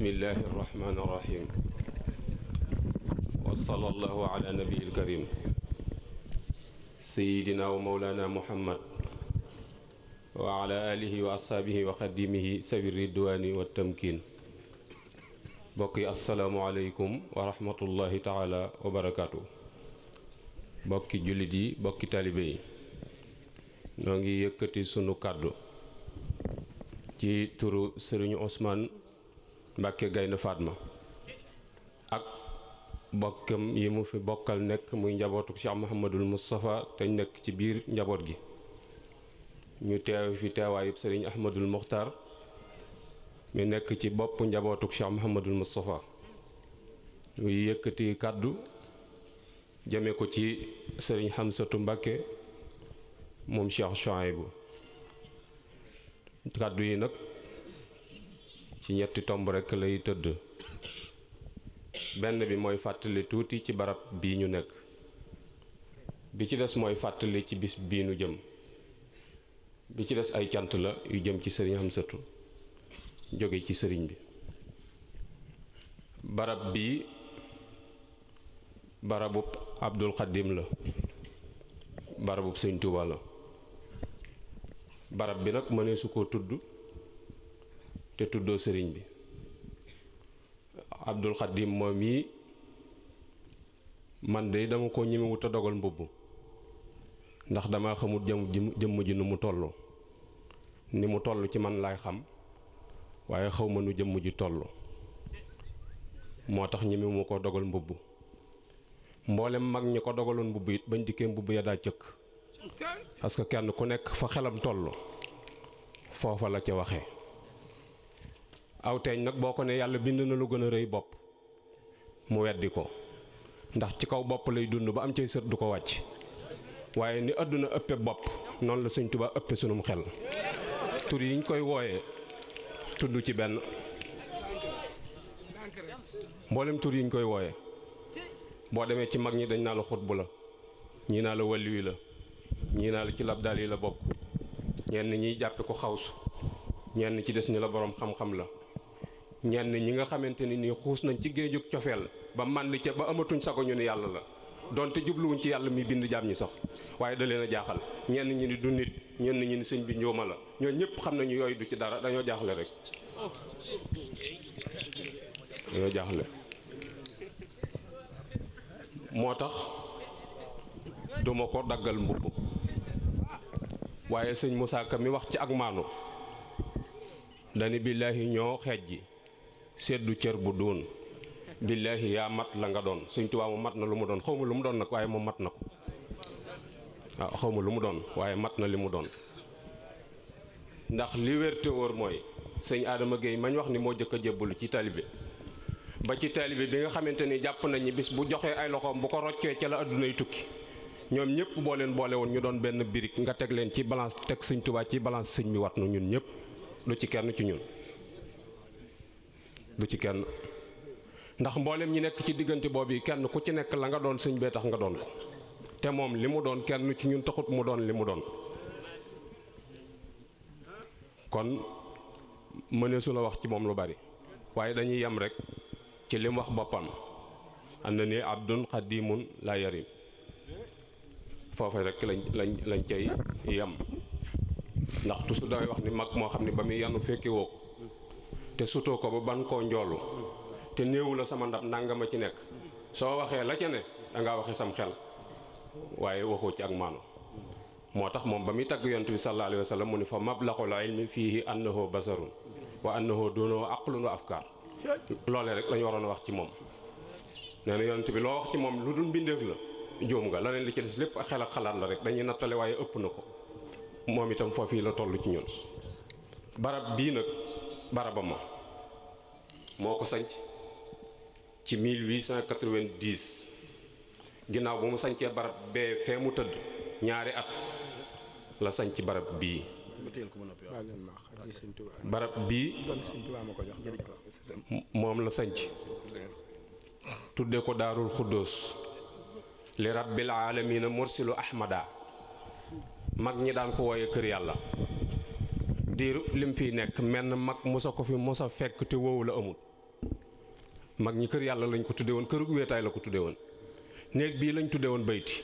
bismillahi irrahmani irrahim wasala allahu ala nabiil sawi ridwaani wa tamkin mbokk yi asalaamualeykum wa rahmatullahi taala bokki jullit yi bokki taalibe noo ngi yëkkati sunu kàddu ci turu sëriñu Ousmane Mbàkke Gaynde Fatma ak bokkam yi mu fi bokkal nekk muy njabootu Cheikh Mouhamadul Moustapha te nekk ci biir njaboot gi ñu teew fi teewaayub Serigne Ahmadul Muxtaar mi nekk ci bopp njabootuk Cheikh Mouhamadul Moustapha ñu yëkkati kàddu jëme ko ci Serigne Xamsatu Mbàkke moom Cheikh Chouaïbou kàddu yi nag ci ñetti tomb rekk lay tëdd benn bi mooy fàttali tuuti ci barab bii ñu nekk bi ci des mooy fàttali ci bis bii nu jëm bi ci des ay cant la yu jëm ci sëriñ Hamsatu jóge ci sëriñ bi barab bii barabub Abdul Xadim la barabub Sëñ Tuuba la barab bi nag mënee su ko tudd te tuddoo sëriñ bi Abdul Xadim moom yi man de dama ko ñemewut dogal mbubb ndax dama xamul jëm jëmm ji nu mu toll ni mu toll ci man laay xam waaye xaw ma nu jëm ji toll moo tax ñemewuma ko dogal mbubb mboolem mag ñi ko dogaloon mbubb it bañ dikkee mbubb ya daa cëkk parce que kenn ku nekk fa xelam toll foofa la ca waxe aw teeñ nag boo ko ne yàlla bind na lu gën a rëy bopp mu weddi ko ndax ci kaw bopp lay dund ba am cay sët du ko wàcc waaye ni àdduna ëppe bopp noonu la sëñ Tuubaa ëppe sunum xel tur yiñ koy wooye tudd ci benn mboolem tur yiñ koy wooyee boo demee ci mag ñi dañ naa la xutbu la ñii naa la wàlliwi la ñii naa la ci labdaal yi la bopp ñenn ñiy jàppe ko xawsu ñenn ci des ni la boroom xam-xam la ñenn ñi nga xamante ni nii xuus nañ ci géejug cofeel ba mànd ca ba amatuñ sago ñu ni yàlla la donte jubluwuñ ci yàlla mi bind jaam ñi sax waaye da leen a jaaxal ñenn ñi ni du nit ñenn ñi ni sëñ bi njóoma la ñoo ñëpp xam nañu yooyu du ci dara dañoo jaaxle rek dañoo jaaxle moo tax duma ko daggal mbubb waaye sëñ Moussa mi wax ci ak maanu dani billaahi ñoo xeej ji seddu cër bu doon billaahi yaa mat la nga doon Sëñ Tuubaa mu mat na lu mu doon xaw ma lu mu doon nag waaye moom mat na ko waaw ah, xawma lu mu doon waaye mat na li mu doon ndax li wér te wóor mooy sëñ aadama géey mañ wax ni moo jëkk a lu ci taalibe ba ci taalibe bi nga xamante ni jàpp nañ ni bis bu joxee ay loxoom bu ko roccee ca la addunay tukki ñoom ñëpp boo leen boole woon ñu doon benn birig nga teg leen ci balance teg sëñ Tuubaa ci balance sëñ mi wat nu ñun ñëpp lu ci kenn ci ñun du ci kenn ndax mboolem ñi nekk ci diggante boobu yi kenn ku ci nekk la nga doon sëñ bee tax nga doon ko te moom li mu doon kenn ci ñun taxut mu doon li mu doon kon mëneesu la wax ci moom lu bari waaye dañuy yem rek ci lim wax boppam am na ni abdun xadimun laa yarim foofa rek lañ lañ lañ cay yem ndax tusu daway wax ni mag moo xam ne ba muy yanu fekki woo ko te sutoo ko ba ban koo njoolu te néewu la sama ndab nangama ci nekk soo waxee la ca ne dangaa waxe sam xel waaye waxoo ci ak maano moo tax moom ba muy tagg yonent bi sallallahu alayhi wa sallam mu ni fa mablaxul ilmi fiihi annahu basarun wa annahu dunahu aqlun wa afkaar loolee rek la ñu waroon wax ci moom nee na yonent bi loo wax ci moom lu dul mbindeef la juum nga la leen li ci des lépp xel ak xalaat la rek dañuy nattale waaye ëpp na ko moom itam foofii la toll ci ñun barab bii nag moo ko sanc ci 1890 ginnaaw bu mu sañcee barab bee fee mu tëdd ñaari at la sañc barab bii barab bii moom la sanc tudde ko daarul xuddoos li rabbil aalamiina mursilu ahmada mag ñi daan ko wooye kër yàlla diiru lim fiy nekk menn mag mosa ko fi mosa fekk te woowu la amul mag ñi kër yàlla lañ ko tuddee woon kërug weetaay la ko tuddee woon néeg bii lañ tuddee woon bayti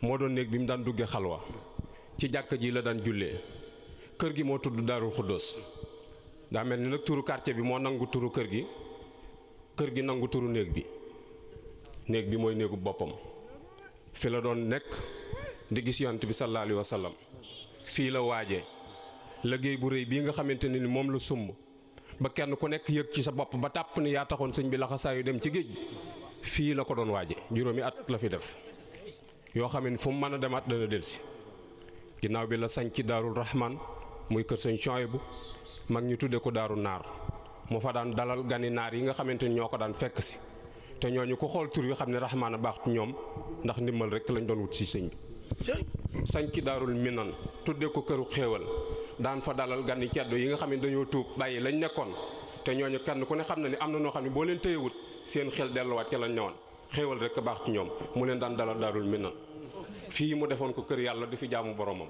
moo doon néeg bi mu daan duggee xalwa ci jàkka ji la daan jullee kër gi moo tudd daarul xuddoos daa mel ni nag turu quartier bi moo nangu turu kër gi kër gi nangu turu néeg bi néeg bi mooy néegu boppam fi la doon nekk di gis bi sallallahu alayhi wa fii la waaje liggéey bu rëy bii nga xamante ne ni moom la sumb ba kenn ku nekk yëg ci sa bopp ba tàpp ni yaa taxoon sëñ bi laxasaayu dem ci géej fii la ko doon waaje juróomi at la fi def yoo xam ne fu mën a demaat dana si ginnaaw bi la sañ ci daarul rahman muy kër sëñ bu mag ñu tuddee ko daaru naar mu fa daan dalal gani naar yi nga xamante ni ñoo ko daan fekk si te ñooñu ko xool tur yu xam ne rahmaan a baax ñoom ndax ndimbal rek lañ doon wut si sëñ bi sañ ci daarul minan tuddee ko këru xéewal daan fa dalal gan yi ceddo yi nga xamante ne dañoo tuub bàyyi lañ nekkoon te ñooñu kenn ku ne xam na ni am na noo xam ne boo leen téyewut seen xel delluwaat ca lañ newoon xéewal rek baax ci ñoom mu leen daan dalal daarul minan fii mu defoon ko kër yàlla di fi jaamu boromam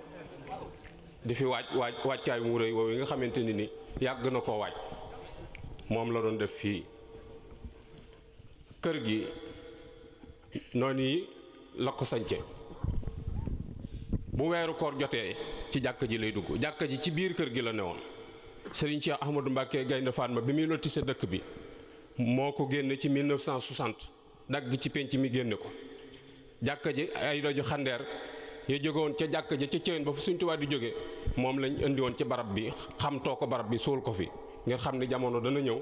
di fi waaj waaj wàccaay mu rëy woowu yi nga xamante ni ni yàgg na koo waaj moom la doon def fii kër gi noonu yi la ko sance bu weeru koor jotee ci jàkk ji lay dugg jàkk ji ci biir kër gi la woon Serigne Cheikh Ahmadou Mbacke Gaynde Fatma bi muy lotissé dëkk bi moo ko génne ci 1960 dagg ci penc mi génne ko jàkk ji ay doju xandeer jóge woon ca jàkk ja ca cëwén ba fu Sëriñ Tuubaa di jóge moom lañ indi woon ci barab bi xam too ko barab bi suul ko fi ngir xam ne jamono dana ñëw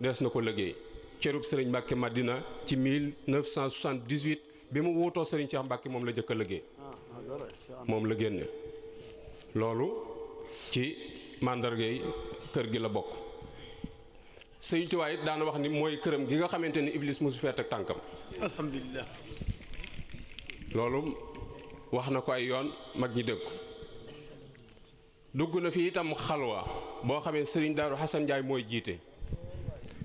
dees na ko liggéey cërub sëriñ Mbacke dina ci 1978 bi mu wutoo sëriñ Cheikh Mbacke moom la jëkk a liggéey moom la génne loolu ci màndargay kër gi la bokk Sëñ Tuubaa it daana wax ni mooy këram gi nga xamante ni Iblis mosu fee teg tànkam alhamdulilah loolu wax na ko ay yoon mag ñi dégg dugg na fi itam xalwa boo xamee sëriñ Daaru Xasan Njaay mooy jiite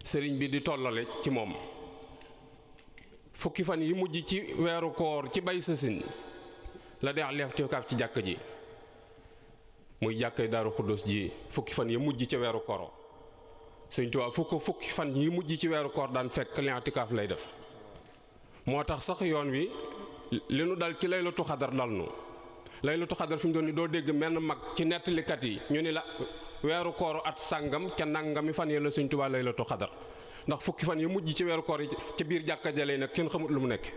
sëriñ bi di tollale ci moom fukki fan yi mujj ci weeru koor ci bay sësin la dealeef ci kaaf ci jàkk ji muy jàkkay daaru xuddus ji fukki fan yi mujj ci weeru koor Sëñ Tuubaa fukk fukki fan yi mujj ci weeru koor daan fekk li lay def moo tax sax yoon wi li nu dal ci laylatu xadar dal nu laylatu xadar fu mu doon ni doo dégg menn mag ci nettalikat yi ñu ni la weeru kooru at sàngam ca nangami fan yi la Sëñ Tuubaa laylatu xadar ndax fukki fan yi mujj ci weeru koor yi ca biir jàkka ja na nag kenn xamut lu mu nekk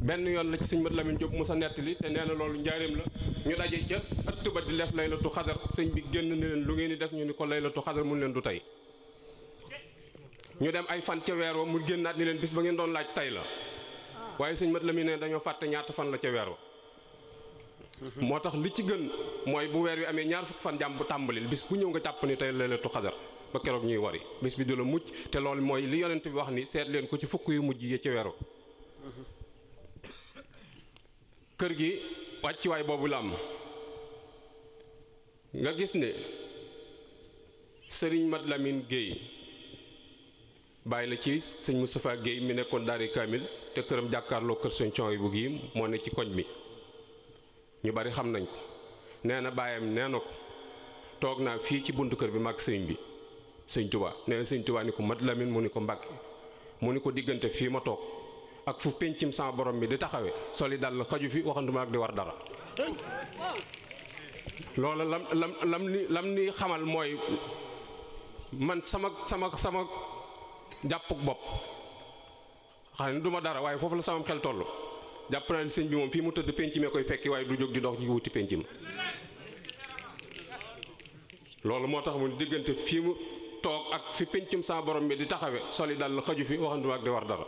benn yoon la ci sëñ Mat Lamin Jóob musa nettali te nee na loolu njaareem la ñu daje ca ëtt ba di def laylatu xadar sëñ bi génn ni leen lu ngeen di def ñu ni ko laylatu xadar mun leen du tey dem ay fan ca mu génnaat ni leen bis ba ngeen doon laaj tey la waaye sëñ Mat Lamin ne dañoo fàtte ñaata fan la ca weer wa moo tax li ci gën mooy bu weer wi amee ñaar fukki fan jàmm tàmbalil bis bu ñëw nga tàpp ni tey laylatu xadar ba keroog ñuy wari bis bi du la mucc te loolu mooy li yonent bi ni seet ci fukk yu mujj yi ci weeru kër gi wàccuwaay boobu la am nga gis ni sëriñ Mat lamin Guèye bàyyi la ci sëñ Moustapha Guèye mi nekkoon daari kaamil te këram jàkkaarloo kër sëñ cooy bu gii moo ne ci koñ mi ñu bari xam nañ ko nee na baayam nee na ko toog naa fii ci buntu kër bi mag sëñ bi sëñ Tuubaa nee na sëñ Tuubaa ni ko Mat Lamine mu ni ko Mbàkke mu ni ko diggante fii ma toog ak fu pencim sa borom bi di taxawee soli dal xaju fi waxantuma di war dara loola lam lam lam ni xamal mooy man sama sama sama jàppuk bopp xam du ma dara foofu la sama xel jàpp naa ne sëñ fii mu tëdd penc mee koy fekki waaye du jóg di dox ji wuti penc ma moo tax mu diggante fii mu toog ak fi pencum saa borom bi di taxawe soli dal xaju fi waxantuma ak di war dara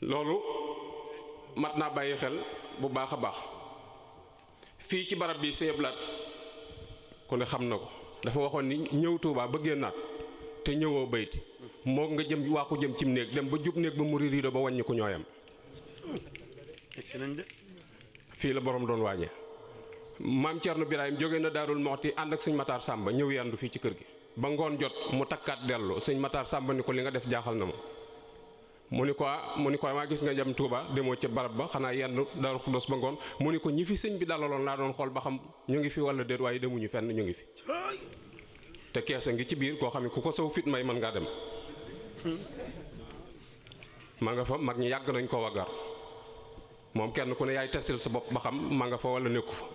loolu mat naa bàyyi xel bu baax a baax fii ci barab bi Sëñ Abdou Lahad ku ne xam na ko dafa waxoon ni ñëw Tuubaa bëggee naat te ñëwoo bayti moo nga jëm waaxu jëm cim néeg dem ba jub néeg ba mu riirido ba wàññi ko ñooyam fii la borom doon waaje maam Thierno Birahim jóge na Daarul Moxti ànd ak sëñ Matar Sàmba ñëw yandu fii ci kër gi ba ngoon jot mu takkaat dellu sëñ Matar Sàmba ni ko li nga def jaaxal na ma mu ni ko mu ni ko maa gis nga jëm Touba demoo ca barab ba xanaa yenn Daaru Xuddoos ba ngoon mu ni ko ñi fi sëñ bi dalaloon laa doon xool ba xam ñu ngi fi walla déet waaye demuñu fenn ñu ngi fi te keesa ngi ci biir koo xam ne ku ko sow fit may mën ngaa dem ma nga fa mag ñi yàgg nañ koo waggar moom kenn ku ne yaay testil sa bopp ba xam ma nga fa walla nekku fa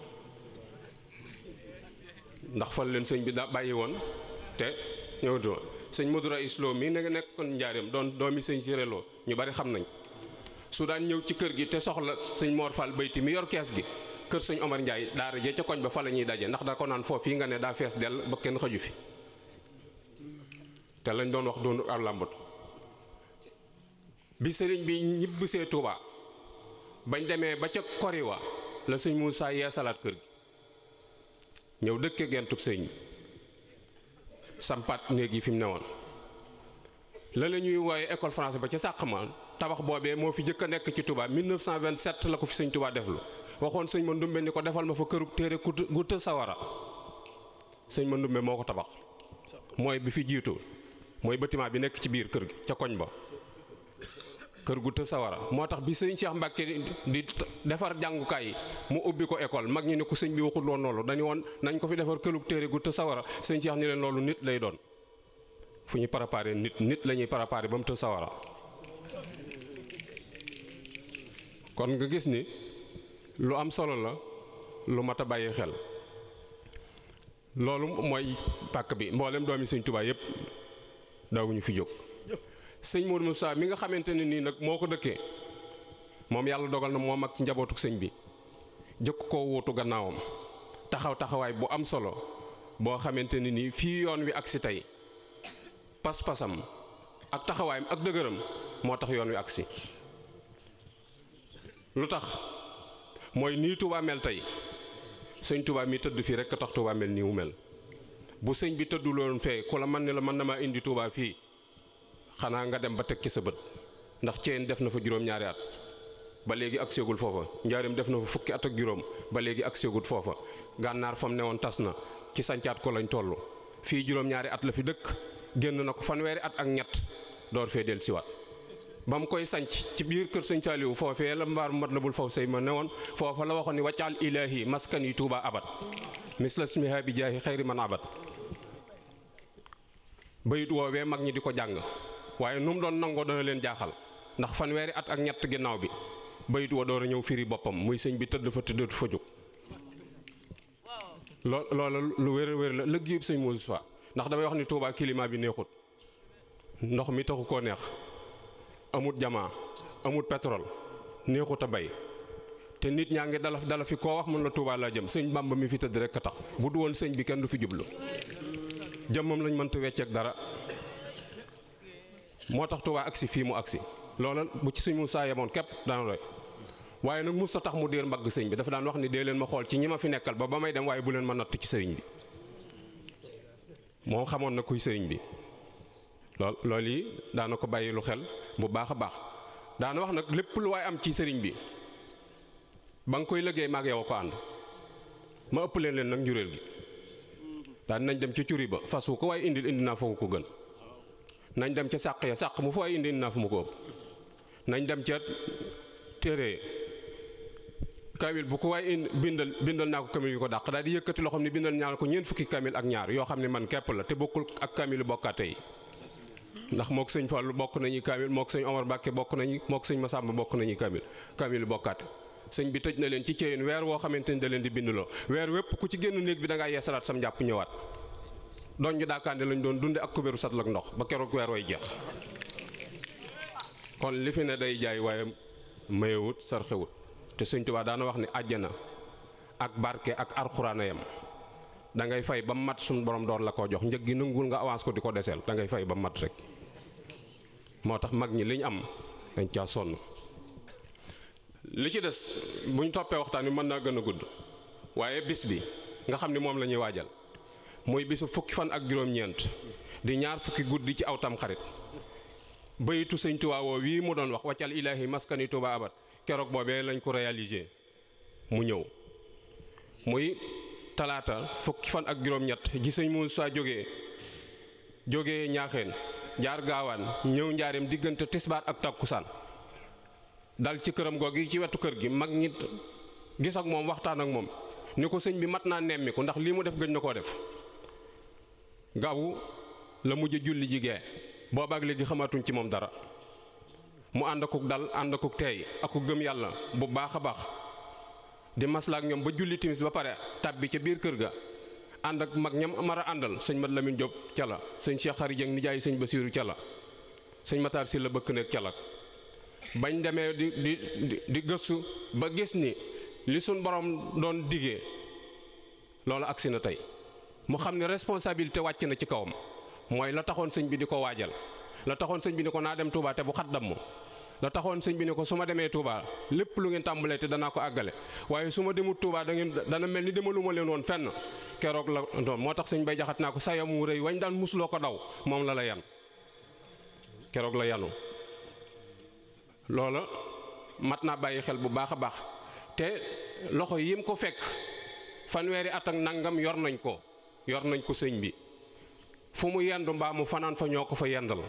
ndax fal leen sëñ bi daa bàyyi woon te ñëwatu sëñ Modou Raïs Lo mii na nga nekkoon njaareem doon doomi sëñ Siré ñu bari xam nañ su daan ñëw ci kër gi te soxla sëñ Mor Fall bayti mi yor kees gi kër sëñ Omar Ndiaye daara jee ca koñ ba fa la ñuy daje ndax da ko naan foofu yi nga ne daa fees dell ba kenn xëju fi te lañ doon wax doon ab làmbut bi sëriñ bi ñibbisee Touba bañ demee ba ca koriwa la sëñ muusaa yee salaat kër gi ñëw dëkkee gentub sëñ bi sampaat néeg yi fi mu ne woon la la ñuy wooye école française ba ca sàq ma tabax boobee moo fi jëkk a nekk ci Touba 1927 la ko fi sëñ Touba deflu waxoon sëñ ma ndumbe ni ko defal ma fa kërug téere gu të sawara sëñ ma ndumbe moo ko tabax mooy bi fi jiitoo mooy bâtiment bi nekk ci biir kër gi ca koñ ba kër gu të sawara moo tax bi sëñ Cheikh Mbacke di defar jàngukaay yi mu ubbi ko école mag ñu ne ko sëñ bi waxul woon loolu dañu woon nañ ko fi defar këlug téere gu të sawara sëñ Cheikh ni leen loolu nit lay doon fu ñuy préparé nit nit la ñuy préparé ba mu të sawara kon nga gis ni lu am solo la lu mat a bàyyi xel loolu mooy pàkk bi mboolem doomi sëñ Tuubaa yépp daawuñu fi jóg sëñ Modou Moussa mi nga xamante ne nii nag moo ko dëkkee moom yàlla dogal na moom ak njabootu sëñ bi jëkk koo wuutu gannaawam taxaw taxawaay bu am solo boo xamante ne nii fii yoon wi ak si tey pas-pasam ak taxawaayam ak dëgëram moo tax yoon wi ak lu tax mooy nii Touba mel tey sëñ Touba mi tëdd fii rek tax Touba mel nii wu mel bu sëñ bi tëdduloon fee ku la man ne la mën na maa indi Touba fii xanaa nga dem ba teg ci sa bët ndax Thiène def na fa juróom-ñaari at ba léegi ak séegul foofa njaarim def na fa fukki at ak juróom ba léegi ak séegul foofa gànnaar fam newoon tas na ci sancaat ko lañ toll fii juróom-ñaari at la fi dëkk génn na ko fanweeri at ak ñett door fee del siwaat ba mu koy sanc ci biir kër sëñ Saaliwu foofee la mbaar mat la bul foofu say ma newoon foofa la waxoon ni waccaal ilaahi maskan yi tuuba abad misla smiha bi jaahi xayri man abad bayit mag ñi di ko jàng waaye nu mu doon nangoo dana leen jaaxal ndax fanweeri at ak ñett ginnaaw bi bayit wa door a ñëw firi boppam muy sëñ bi tëdd fa tëddatu fa jóg loo loolu lu wér a wér la lëgg yëpp sëñ Moussa ndax damay wax ni tuubaa climat bi neexut ndox mi taxu koo neex amut jamaa amut pétrole neexut a bay te nit ñaa ngi dalaf dala fi koo wax mën la tuubaa laa jëm sëñ Bamba mi fi tëdd rek a tax bu du woon sëñ bi kenn du fi jublu jëmmam lañ mënta wecceek dara moo tax Tuubaa agsi fii mu agsi loola bu ci sëñ saa yemoon képp daana doy waaye nag sa tax mu deer mbagg sëñ bi dafa daan wax ni dee leen ma xool ci ñi ma fi nekkal ba ba may dem waaye bu leen ma natt ci sëriñ bi moom xamoon na kuy sëriñ bi lool loolu yi daana ko bàyyi lu xel bu baax a baax daana wax nag lépp lu waay am ci sëriñ bi ba nga koy liggéey maag yow ko ànd ma ëpp leen leen nag njuréel gi daan nañ dem ci curi ba fas wu ko waaye indil indi naa foofu ko gën nañ dem ca sàq ya sàq mu foo indi fu ma ko nañ dem ca téere kamil bu ko waay indi bindal bindal naa ko kamil yu ko dàq daal di yëkkati loxoom ni bindal ñaar ko ñeent fukki kamil ak ñaar yoo xam ne man kepp la te bokkul ak kamilu bokkaate yi ndax mook sëñ Fallu bokk nañu kamil mook sëñ Omar Mbàkke bokk nañu mook sëñ Masamba bokk nañu kamil kamilu bokkaate sëñ bi tëj na leen ci ceyin weer woo xamante ni da leen di bindloo weer wépp ku ci génn néeg bi da ngaa yeesalaat sam njàpp ñëwaat doon ñu daakaande lañu doon dunde ak kubéeru satl ak ndox ba keroog weer way jeex kon li fi ne day jaay waaye mayewut sar sarxewut te sëñ Tuubaa daana wax ni àjjana ak barke ak arxuraana yam dangay fay ba mat suñu borom door la koo jox njëg gi nanguwul nga avance ko di ko deseel da ngay fay ba mat rek moo tax mag ñi liñ am dañ caa sonn li ci des bu ñu toppee waxtaan wi mën naa gën a gudd waaye bis bi nga xam ni moom lañuy waajal muy bisu fukki fan ak juróom-ñeent di ñaar fukki guddi ci aw tamxarit bayitu sëñ Tuubaa wii mu doon wax waccal ilaahi maskani Tuubaa abat keroog boobee lañ ko réalisé mu ñëw muy talaata fukki fan ak juróom-ñett ji sëñ Muusaa jóge jógee ñaaxeen jaar gaawaan ñëw njaareem diggante tisbaar ak takkusaan dal ci këram googi ci wetu kër gi mag ñi gis ak moom waxtaan ak moom ni ko sëñ bi mat naa nemmiku ndax lii mu def gëj na koo def gaawu la mujj julli jigee boobaak léegi xamaatuñ ci moom dara mu ànd ku dal ànd akuk teey aku gëm yàlla bu baax a baax di maslaak ñoom ba julli timis ba pare tàbbi ca biir kër ga ànd ak mag ñam mar àndal sëñ Mat Lamin Jóob ca la sëñ Cheikh Xari nijaay sëñ Basiiru ca la sëñ Mataar Si la bëkk nekk ca la bañ demee di di di gëstu ba gis ni li suñ borom doon diggee loolu agsi na tey mu xam ne responsabilité wàcc na ci kaw kawam mooy la taxoon sëñ bi di ko waajal la taxoon sëñ bi ni ko naa dem Touba te bu xat damm la taxoon sëñ bi ni ko su ma demee Touba lépp lu ngeen tàmbalee te danaa ko àggale waaye su ma demut tuubaa da dana mel ni demaluma leen woon fenn keroog la doon moo tax sëñ bay jaxat naa ko sayam wu rëy wañ daan musuloo ko daw moom la la yan keroog la yanu loola mat naa bàyyi xel bu baax a baax te loxo yim ko fekk fanweeri at nangam yor nañ ko yor nañ ko sëñ bi fu mu yendu mbaamu fanaan fa ñoo ko fa yendal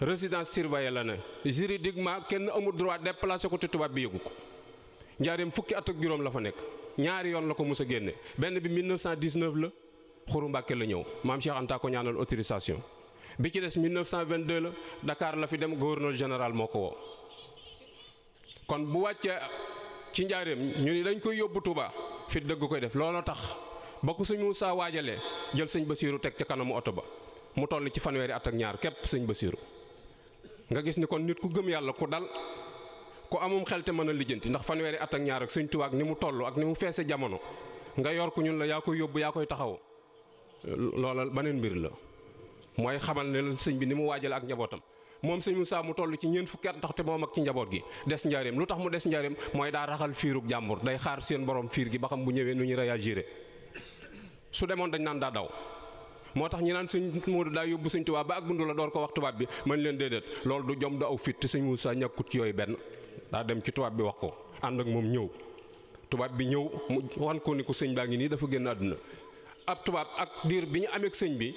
résidence surveillée la ne ma kenn amul droit déplacé ko te tubaab bi yëgu ko njaareem fukki at ak juróom la fa nekk ñaari yoon la ko mos a génne benn bi 1919 la xuru Mbàkke la ñëw maam Cheikh Anta ko ñaanal autorisation bi ci des 1922 la Dakar la fi dem gouverneur général moo ko woo kon bu wàccee ci njaareem ñu ni dañ koy yóbbu Touba fit dëgg koy def looloo tax bokk ko saa waajalee jël sëñ siiru teg ca kanamu oto ba mu toll ci fanweeri at ñaar képp sëñ Basiiru nga gis ni kon nit ku gëm yàlla ku dal ku amum xel te mën a lijjanti ndax fanweeri at ak ñaar ak sëñ Tuubaa ni mu toll ak ni mu feese jamono nga yor ku ñun la yaa koy yóbbu yaa koy taxaw loolal beneen mbir la mooy xamal ne la sëñ bi ni mu waajale ak njabootam moom sëñ Moussa mu toll ci ñeent fukki at ndax te moom ak ci njaboot gi des njaareem lu tax mu des mooy daa raxal fiirug jàmbur day xaar seen borom fiir gi ba xam bu ñëwee nu ñu réagiré su demoon dañ naan daa daw moo tax ñi naan sëñ Moodu daa yóbbu sëñ tubaab ba ak bundu la door ko wax tubaab bi man leen déedéet lool du jom du aw fit te sëñ Moussa ñàkkut ci yooyu benn daa dem ci tubaab bi wax ko ànd ak moom ñëw tubaab bi ñëw mu wan ko ni ko sëñ baa ngi nii dafa génn àdduna ab tubaab ak diir bi ñu amee ak sëñ bi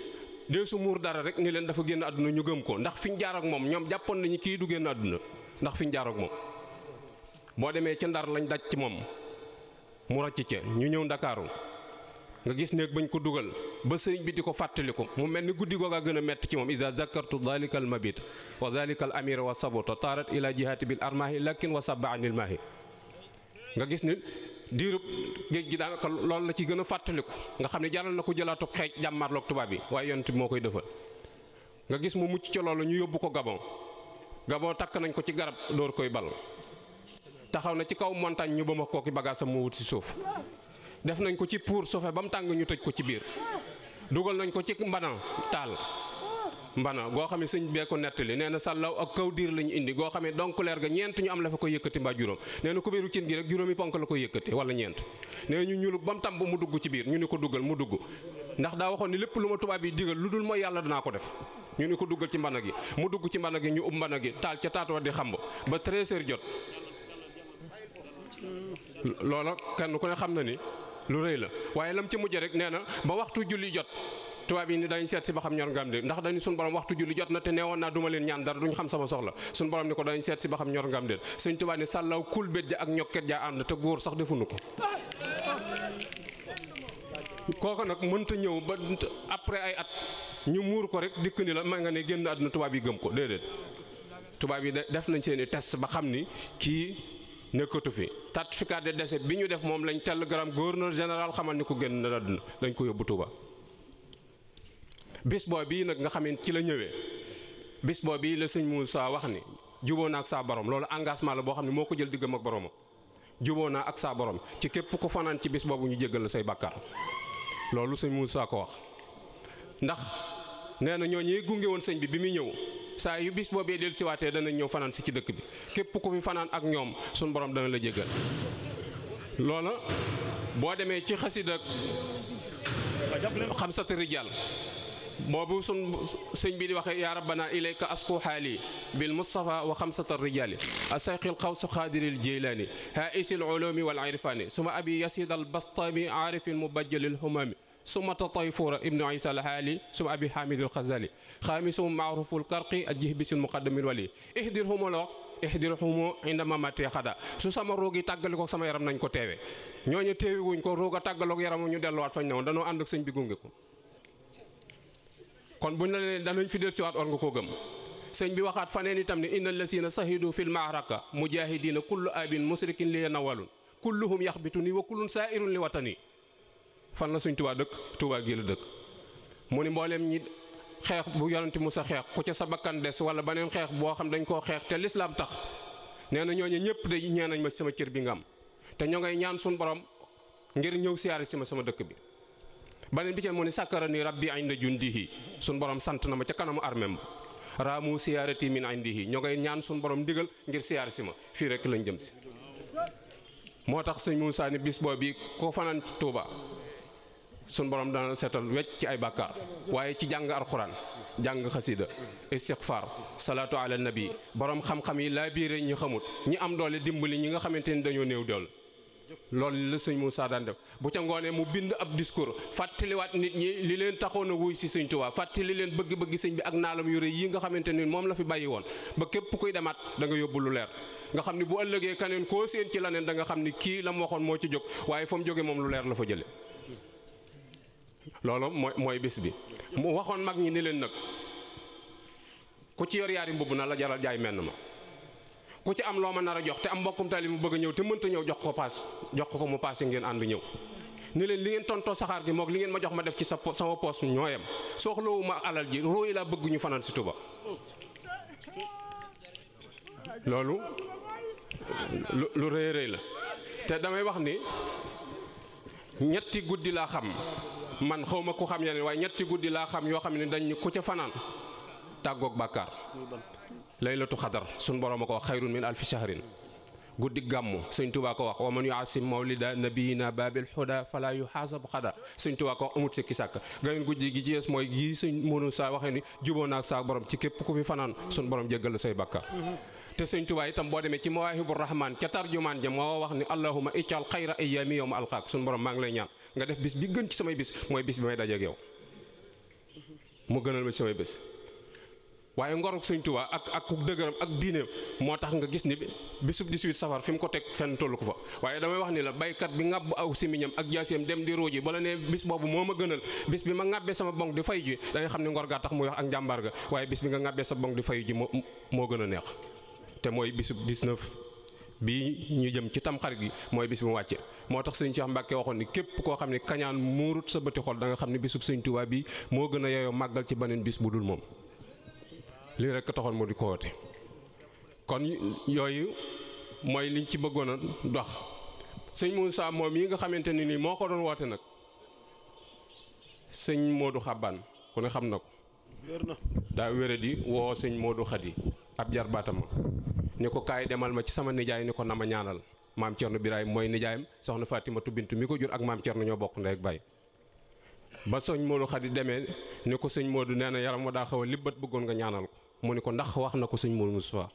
dee su muur dara rek ni leen dafa génn àdduna ñu gëm ko ndax fi ñu jaar moom ñoom jàppoon nañu kii du génn àdduna ndax fi ñu jaar ak demee ci ndar lañ daj ci moom mu ràcc ca ñu ñëw ndakaaru nga gis néeg bañ ko dugal ba sëñ bi di ko fàttaliku mu mel ni guddi googaa gën a metti ci moom ida zakartu dalika al mabit wa dalika al amira wa sabota taarat ila jihaati bil armahi lakin wa saba anil maahi nga gis ni diirub géej gi daanaka loolu la ci gën a fàttaliku nga xam ne jaral na ko jëlaatu xeej jàmmarloog tubaab yi waaye yonent bi moo koy defal nga gis mu mucc ca loolu ñu yóbbu ko gabon gabon takk nañ ko ci garab dóor koy bal taxaw na ci kaw montagne ñu ba ma kooki bagaasam mu wut si def nañ ko ci pour sofe ba mu tàng ñu tëj ko ci biir dugal nañ ko ci mbana taal mbana goo xam suñ sëñ bee ko nettali nee na sàllaw ak kaw diir lañu indi goo xam ne donc leer ga ñeent ñu am la fa ko yëkkati mbaa juróom nee na kubéeru cin gi rek juróomi ponk la ko yëkkati wala ñeent nee ñu ñulug ba mu tàmb mu dugg ci biir ñu ni ko dugal mu dugg ndax daa waxoon ni lépp lu ma tubaab yi digal lu dul mooy yàlla danaa ko def ñu ni ko dugal ci mbana gi mu dugg ci mbana gi ñu ub mbana gi taal ca taatuwa di ba 13 heures jot loola kenn na ni lu rëy la waaye lam ci mujj rek nee na ba waxtu julli jot tubaab yi ni dañ seet si ba xam ñor nga am déet ndax dañu suñu borom waxtu julli jot na te neewoon naa duma leen ñaan dara duñ xam sama soxla suñu borom ni ko dañ seet si ba xam ñor nga am déet suñ tubaab ni sàllaw kul bét ja ak ñokket ja ànd te góor sax defuñu ko kooku nag mënta ñëw ba après ay at ñu muur ko rek dikk ni la ma nga ne génn àdduna tubaab yi gëm ko déedéet tubaab yi def nañ seen test ba xam ni kii nekkatu fi certificat de décès bi ñu def moom lañ télégramme gouverneur général xamal ni ko génn na àdduna dañ ko yóbbu Tuuba bis boo bii nag nga xamee ci la ñëwee bis boo bii la sëñ Moussa wax ni juboo naa ak saa borom loolu engagement la boo xam ne moo ko jël diggam ak boromam juboo naa ak saa boroom ci képp ku fanaan ci bis boobu ñu jéggal la say bàkkaar loolu sëñ Moussa ko wax ndax nee na ñoo ñuy gunge woon sëñ bi bi muy ñëw saa yu bis boobee dellu siwaatee dana ñëw fanaan si ci dëkk bi képp ku fi fanaan ak ñoom suñu borom dana la jéggal loola boo demee ci xasida xam sati rijal boobu sun sëñ bi di waxee yaa rabbana ilayka asku xaali bil mustafa wa xamsata rijali asayqil xawsu xaadiril jeylaani haisil ulumi wal irfaani suma abi yasid al bastami aarifin mubajjalil humami summa tatayfura ibnu isa alhaali suma abi hamid alxazali xaamisum maaruful karqi ajih bisil muqaddamil wali ihdir humo la wax ihdir humo inda mamate xada su sama roog yi tàggali ko sama yaram nañ ko teewe ñooñu teewi wuñ ko roog a tàggaloog yaram ñu delluwaat fañ ne woon danoo ànd ak sëñ bi gunge ko kon buñ na nee danañ fi del siwaat war nga koo gëm sëñ bi waxaat faneen itam ne inna allazina sahidu fil maaraka mujahidina kullu abin musrikin li yanawalun kulluhum yaxbitu ni wa kullun saa'irun li fan la suñ tubaa dëkk tubaa gii la dëkk mu ni mbooleem ñi xeex bu yonent Musa xeex ku ca sa bakkan des wala beneen xeex boo xam dañ koo xeex te lislaam tax nee na ñooñu ñëpp de ñee nañ ma sama cër bi nga am te ñoo ngay ñaan suñu borom ngir ñëw siyaare si ma sama dëkk bi baneen bi ca mu ni sàkkara ni rabbi inda jundihi suñ borom sant na ma ca kanamu armem ba raamu siyaarati min indihi ñoo ngay ñaan suñu borom ndigal ngir siyaare si ma fii rek lañ jëm si moo tax sun borom dana seetal wecc ci ay bàkkaar waaye ci jàng alxuraan jàng xasida istixfaar salaatu ala nabi borom xam-xam yi laa biire ñi xamut ñi am doole dimbali ñi nga xamante ni dañoo néew doole loolu la sëñ Moussa daan def bu ca ngoonee mu bind ab discours fàttaliwaat nit ñi li leen taxoon a wuy si sëñ Tuubaa fàttali leen bëgg-bëgg sëñ bi ak naalam yu rëy yi nga xamante ni moom la fi bàyyi woon ba képp kuy demaat danga nga yóbbu lu leer nga xam ni bu ëllëgee kaneen koo séen ci laneen da nga xam ni kii la mu waxoon moo ci jóg waaye fa mu jógee moom lu leer la fa jële loolu mooy mooy bis bi mu waxoon mag ñi ni leen nag ku ci yor yaari mbubb na la jaral jaay menn ma ku ci am loo ma nar a jox te am mbokkum tali mu bëgg a ñëw te mënta ñëw jox ko paas jox ko mu paase ngeen ànd ñëw ni leen li ngeen tontoo saxaar gi moog li ngeen ma jox ma def ci sa sama poos ñooyam soxlawuma alal ji rooy laa bëgg ñu fanaan si Tuba loolu lu rëy rëy la te damay wax ni ñetti guddi laa xam man xaw ma ku xam yeneen waaye ñetti guddi laa xam yoo xam ne dañ ku ca fanaan tàggoog bàkkaar laylatu xadar sun borom a ko wax xayrun min alfi shahrin guddi gàmmu sëñ Tuubaa ko wax wa man yuasim mawlida nabiyina babil huda fala yuhasabu xada sëñ Tuubaa ko wax amut sikki sàkk ganeen guddi gi jees mooy gi suñ mënu saa waxee ni juboo naak saa borom ci képp ku fi fanaan sun boroom jéggal say bàkkaar te sëñ Tuubaa itam boo demee ci mawaahibu rahman ca tarjumaan ja moo wax ni allahuma ical xayra ayyaami yow ma alqaak suñu borom maa ngi lay ñaan nga def bis bi gën ci samay bis mooy bis bi may dajeeg yow mu gënal ma ci samay bis waaye ngoruk sëñ Tuubaa ak ak ku dëgëram ak diine moo tax nga gis ni bisub 18 safar fi mu ko teg fenn tollu ko fa waaye damay wax ni la baykat bi ngàbb aw simiñam ak jaasiyam dem di ruuji bala ne bis boobu moo ma gënal bis bi ma ngàbbee sama bonk di fay da xam ne ngor gaa tax muy wax ak njàmbaar ga waaye bis bi nga ngàbbee sa bonk di fay ji moo moo gën a neex te mooy bisub 19 bi ñu jëm ci tamxarit gi mooy bis bi mu wàcce moo tax sëñ Cheikh Mbacke waxoon ni képp koo xam ne kañaan muurut sa bëti xol da xam ne bisub sëñ Tuubaa bi moo gën a yeyoo màggal ci beneen bis bu dul moom lii rek taxoon moo di ko woote kon yooyu mooy liñ ci bëggoon a dox sëñ Moussa moom yi nga xamante ni nii moo ko doon woote nag sëñ Modou Xabaan ku ne xam na ko daa wéradi woo sëñ Modou Xadi ab jarbaatam ni ko kaay demal ma ci sama nijaay ni ko na ma ñaanal maam Cerno Birahim mooy nijaayam soxna Fatimatu Bintu mi ko jur ak maam Cerno ñoo bokk ndey ak baay ba sëñ Modou Khady demee ni ko sëñ Modou nee na yaram wa daa xaw a libbat bëggoon nga ñaanal ko mu ni ko ndax wax na ko sëñ Modou Moustapha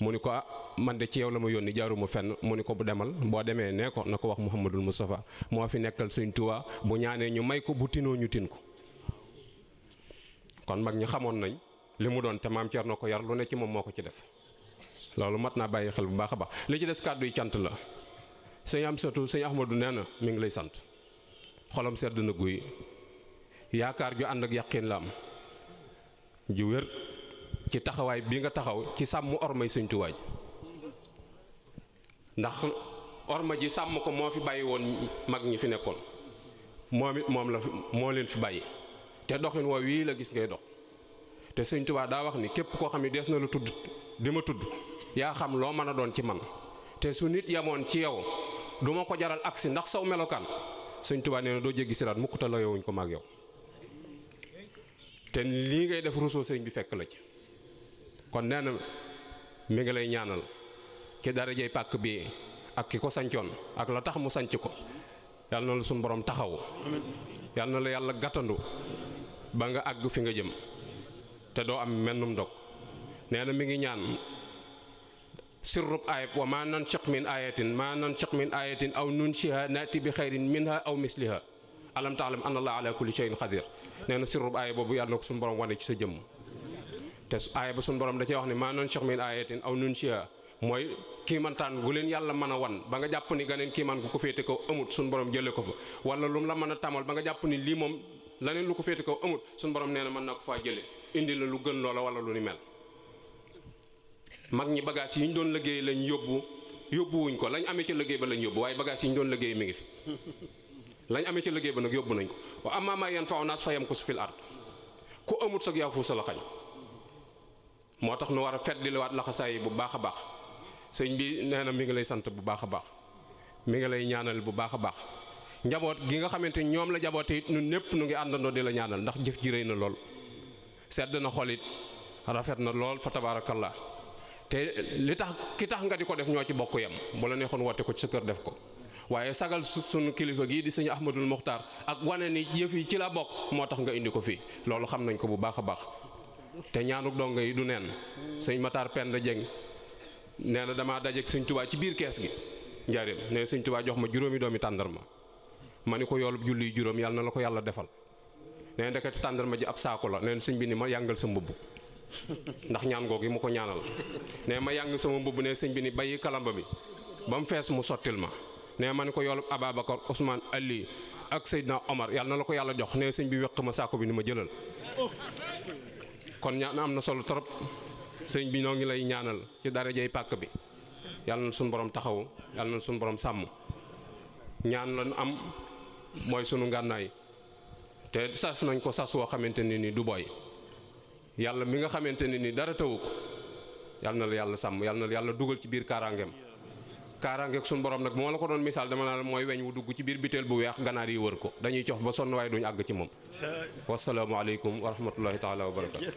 mu ni ko ah man de ci yow la ma yónni jaaruma fenn mu ni ko bu demal boo demee nee ko na ko wax Mouhamadul Moustapha moo fi nekkal sëñ Touba bu ñaanee ñu may ko bu tinoo ko kon mag ñi xamoon nañ li mu doon te maam ko yar lu ci moom moo ko ci def loolu mat naa bàyyi xel bu baax a baax li ci des kàddu yi cant la sëñ am satu sëñ Ahmadou nee na mu ngi lay sant xolam sedd na guy yaakaar ju ànd ak yàqin la am ju wér ci taxawaay bi nga taxaw ci sàmm ormay sëñ Tuubaa ji ndax orma ji sàmm ko moo fi bàyyi woon mag ñi fi nekkoon moom it moom la moo leen fi bàyyi te doxin woo wii la gis ngay dox te sëñ Tuubaa daa wax ni képp koo xam ne dees na la tudd di ma tudd yaa xam loo man a doon ci man te su nit yamoon ci yow du ma ko jaral agsi ndax saw melokaan Sëñ Tuubaa nee na doo jéggi siraat mukk te layowuñ ko maag yow te lii ngay def rusoo sëriñ bi fekk la ci kon nee na mi ngi lay ñaanal ci darajey pàkk bi ak ki ko sancoon ak la tax mu sañc ko yàlla na la suñu borom taxaw yàlla na la yàlla gàttandu ba nga àgg fi nga jëm te doo am mennum ndog nee na mi ngi ñaan sirrub ayib wa maa nanshaq min ayatin maa nanshaq min ayatin aw nunshiha naati bi xayrin minha aw misliha alam taalam anna allah ala kulli shay'in qadir nee na sirrub ayib boobu yàlla na ko suñu borom wane ci sa jëmm te aaya ba suñu borom da cee wax ne maa nanshaq min ayatin aw nunshiha mooy kiimantaan gu leen yàlla mën a wan ba nga jàpp ni ganeen kiiman gu ko féete ko amut suñu borom jëlee ko fa wala lu la mën a tamal ba nga jàpp ni lii moom laneen lu ko féete kaw amut suñu borom nee na mën naa ko faa jëlee indi la lu gën loola wala lu mel mag ñi bagage yi ñu doon liggéey lañ yóbbu yóbbuwuñ ko lañ amee ci liggéey ba lañ yóbbu waaye bagage yi ñu doon liggéey mi ngi fi lañ amee ci liggéey ba nag yóbbu nañ ko wa amma ma yan faaw naas fayam ko su fil ard ku amut sag yaa fuusa la xañ moo tax nu war a feddiliwaat laxasaay bu baax a baax sëñ bi nee na mi ngi lay sant bu baax a baax mi ngi lay ñaanal bu baax a baax njaboot gi nga xamante ñoom la jaboote it ñun ñëpp nu ngi àndandoo di la ñaanal ndax jëf ji rëy na lool sedd na xol it rafet na lool fa tabaarakallaa te li tax ki tax nga di ko def ñoo ci bokk yam bu la neexoon woote ko ci sa kër def ko waaye sagal sunu kilifa gii di sëñ Ahmadul Muxtaar ak wane ni yëf yi ci laa bokk moo tax nga indi ko fii loolu xam nañ ko bu baax a baax te ñaanu dongo yi du neen sëñ Matar Penda Jeng nee na damaa dajeeg sëñ Tubaa ci biir kees gi njaareem nee sëñ Tubaa jox ma juróomi doomi tàndarma ma ni ko yoolu julli juróom yàlla na la ko yàlla defal nee ndekete tàndarma ji ab saako la nee sëñ bi ni ma yàngal sa mbubb ndax ñaan googu mu ko ñaanal ne ma yàng sama mbubb ne sëñ bi ni bàyyi kalamba bi ba mu fees mu sottil ma ne ma ne ko yoolub Ababacar Ousmane Ali ak Seydina Omar yàlla na la ko yàlla jox ne sëñ bi wéq ma saako bi ni ma jëlal kon ñaan am na solo trop sëñ bi noo ngi lay ñaanal ci darajay pàkk bi yàlla na suñu borom taxaw yàlla na suñu borom sàmm ñaan lañ am mooy sunu ngànnaay te sas nañ ko sas woo xamante ni ni du boy yàlla mi nga xamante ne ni dara tawu ko yàlla na la yàlla sàmm yàlla na la yàlla dugal ci biir kaaraangeem kaaraangeeg suñu borom nag moo la ko doon misaal dama naa mooy weñ wu dugg ci biir biteel bu weex ganaar yi wër ko dañuy cof ba sonn waaye duñu àgg ci moom wasalaamualeykum wa rahmatullahi taala wa barakatu